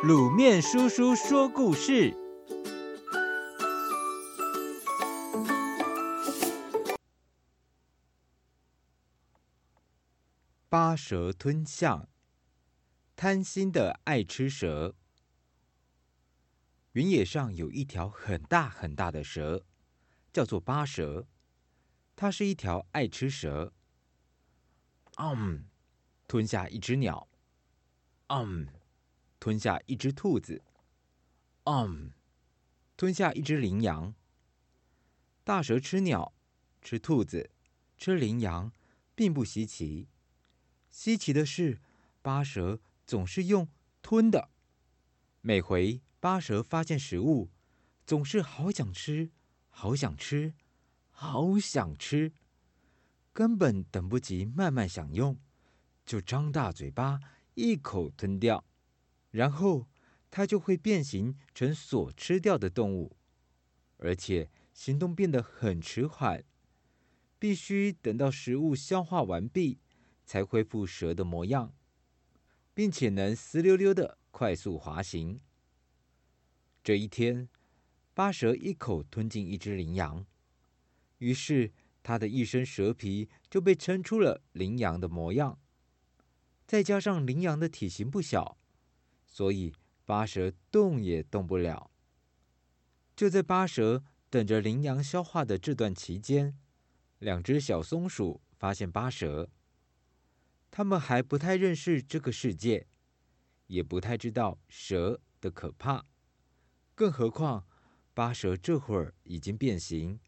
滷麵叔叔說故事：巴蛇吞象，貪心的愛吃蛇。原野上有一條很大很大的蛇，叫做巴蛇，它是一條愛吃蛇。嗯，um, 吞下一隻鳥。嗯。Um, 吞下一隻兔子，嗯，吞下一隻羚羊。大蛇吃鳥、吃兔子、吃羚羊，並不稀奇。稀奇的是，巴蛇總是用吞的。每回巴蛇發現食物，總是好想吃、好想吃、好想吃，根本等不及慢慢享用，就張大嘴巴一口吞掉。然後它就會變形成所吃掉的動物，而且行動變得很遲緩，必須等到食物消化完畢才恢復蛇的模樣，並且能哧溜溜的快速滑行。這一天，巴蛇一口吞進一隻羚羊，於是它的一身蛇皮就被撐出了羚羊的模樣，再加上羚羊的體型不小，所以，巴蛇動也動不了。就在巴蛇等着羚羊消化的這段期間，兩只小松鼠發現巴蛇。他們還不太認識這個世界，也不太知道蛇的可怕，更何況巴蛇這會兒已經變形，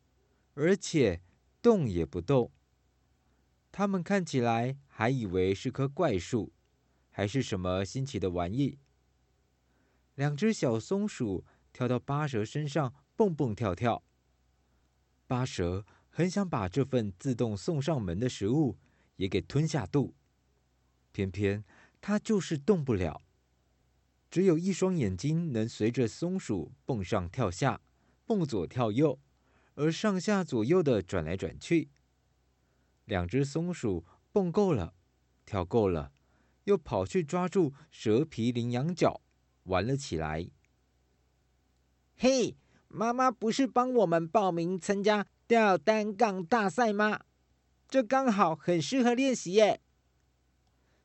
而且動也不動。他們看起來還以為是棵怪樹，還是什麼新奇的玩意。兩隻小松鼠跳到巴蛇身上蹦蹦跳跳。巴蛇很想把這份自動送上門的食物也給吞下肚，偏偏它就是動不了，只有一雙眼睛能隨着松鼠蹦上跳下、蹦左跳右，而上下左右的轉來轉去。兩隻松鼠蹦夠了、跳夠了，又跑去抓住蛇皮羚羊角。玩了起來。嘿，hey, 媽媽不是幫我們報名參加吊單槓大賽嗎？這剛好很適合練習耶。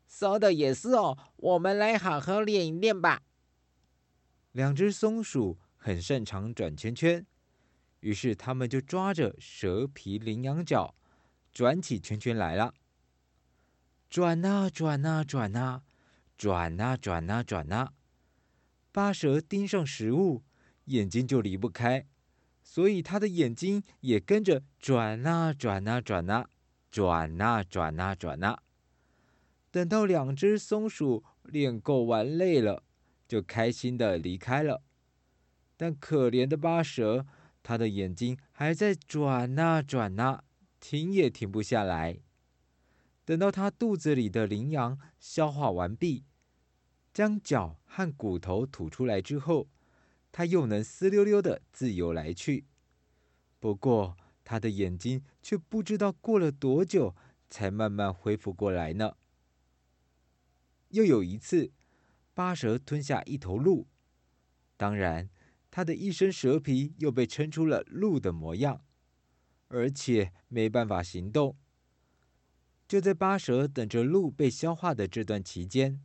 說的也是哦，我們來好好練一練吧。兩只松鼠很擅長轉圈圈，於是他們就抓着蛇皮羚羊角轉起圈圈來了。轉吶、啊、轉吶、啊、轉吶、啊、轉吶、啊、轉吶、啊、轉吶、啊。巴蛇盯上食物，眼睛就離不開，所以它的眼睛也跟着轉吶轉吶轉吶轉吶轉吶轉吶。等到兩只松鼠練夠玩累了，就開心的離開了。但可憐的巴蛇，它的眼睛還在轉吶轉吶，停也停不下來。等到它肚子裡的羚羊消化完畢。將腳和骨頭吐出來之後，它又能哧溜溜的自由來去。不過，它的眼睛卻不知道過了多久才慢慢恢復過來呢。又有一次，巴蛇吞下一頭鹿，當然，它的一身蛇皮又被撐出了鹿的模樣，而且沒辦法行動。就在巴蛇等着鹿被消化的這段期間。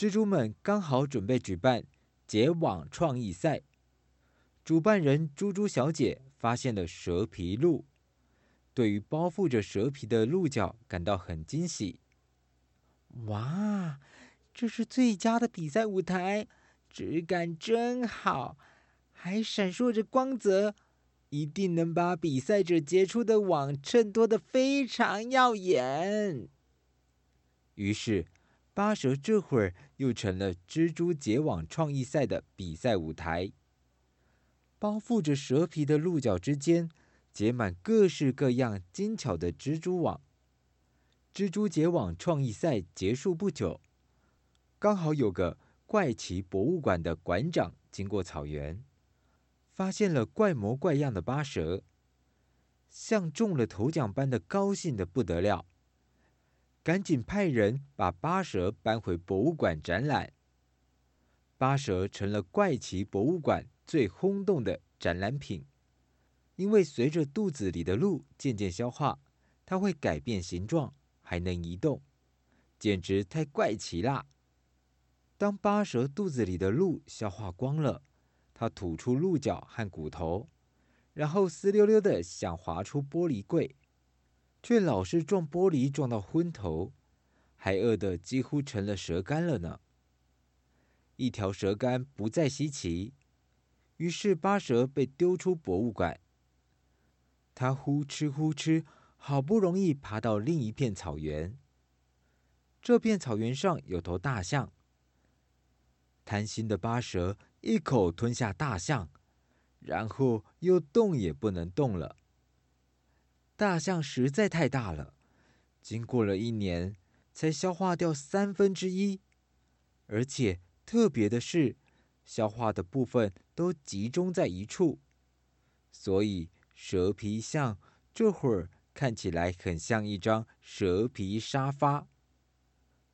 蜘蛛們剛好準備舉辦結網創意賽，主辦人豬豬小姐發現了蛇皮鹿，對於包覆着蛇皮的鹿角感到很驚喜。哇，這是最佳的比賽舞台，質感真好，還閃爍着光澤，一定能把比賽者結出的網襯托得非常耀眼。於是，巴蛇這會兒又成了蜘蛛結網創意賽的比賽舞台，包覆着蛇皮的鹿角之間結滿各式各樣精巧的蜘蛛網。蜘蛛結網創意賽結束不久，剛好有個怪奇博物館的館長經過草原，發現了怪模怪樣的巴蛇，像中了頭獎般的高興得不得了。趕緊派人把巴蛇搬回博物館展覽。巴蛇成了怪奇博物館最轟動的展覽品，因為隨着肚子裡的鹿漸漸消化，它會改變形狀，還能移動，簡直太怪奇啦！當巴蛇肚子裡的鹿消化光了，它吐出鹿角和骨頭，然後濕溜溜的想滑出玻璃櫃。卻老是撞玻璃，撞到昏頭，還餓得幾乎成了蛇乾了呢。一條蛇乾不再稀奇，於是巴蛇被丟出博物館。它呼哧呼哧，好不容易爬到另一片草原。這片草原上有頭大象，貪心的巴蛇一口吞下大象，然後又動也不能動了。大象實在太大了，經過了一年才消化掉三分之一，而且特別的是，消化的部分都集中在一處，所以蛇皮象這會兒看起來很像一張蛇皮沙發。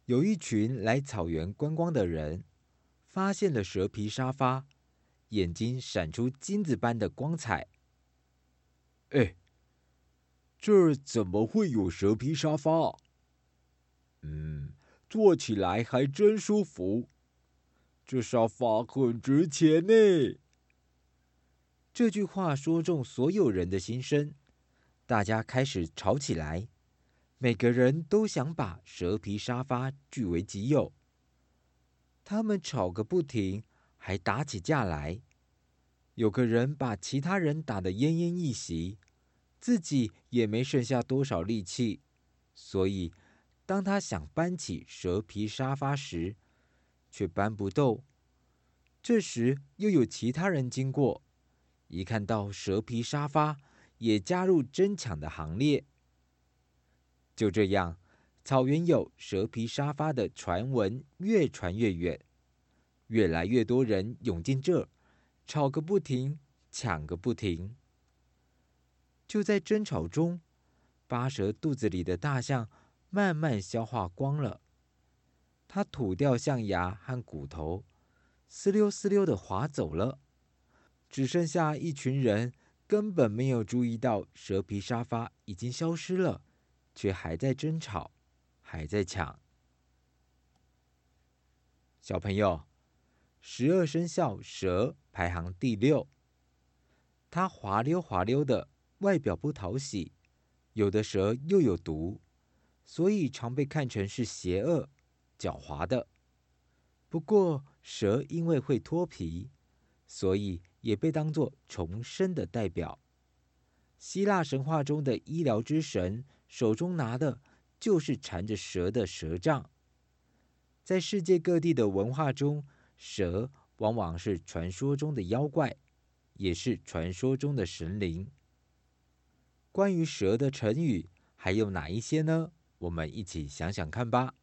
有一群來草原觀光的人發現了蛇皮沙發，眼睛閃出金子般的光彩。誒這怎麼會有蛇皮沙發？嗯，坐起來還真舒服。這沙發很值錢呢。這句話說中所有人的心聲，大家開始吵起來。每個人都想把蛇皮沙發據為己有。他們吵個不停，還打起架來。有個人把其他人打得奄奄一息。自己也沒剩下多少力氣，所以當他想搬起蛇皮沙發時，卻搬不動。這時又有其他人經過，一看到蛇皮沙發，也加入爭搶的行列。就這樣，草原有蛇皮沙發的傳聞越傳越遠，越來越多人湧進這，吵個不停，搶個不停。就在爭吵中，巴蛇肚子裡的大象慢慢消化光了，它吐掉象牙和骨頭，哧溜哧溜的滑走了。只剩下一群人根本沒有注意到蛇皮沙發已經消失了，卻還在爭吵，還在搶。小朋友，十二生肖蛇排行第六，它滑溜滑溜的。外表不討喜，有的蛇又有毒，所以常被看成是邪惡、狡猾的。不過，蛇因為會脫皮，所以也被當作重生的代表。希臘神話中的醫療之神手中拿的就是纏着蛇的蛇杖。在世界各地的文化中，蛇往往是傳說中的妖怪，也是傳說中的神靈。關於蛇的成語還有哪一些呢？我們一起想想看吧。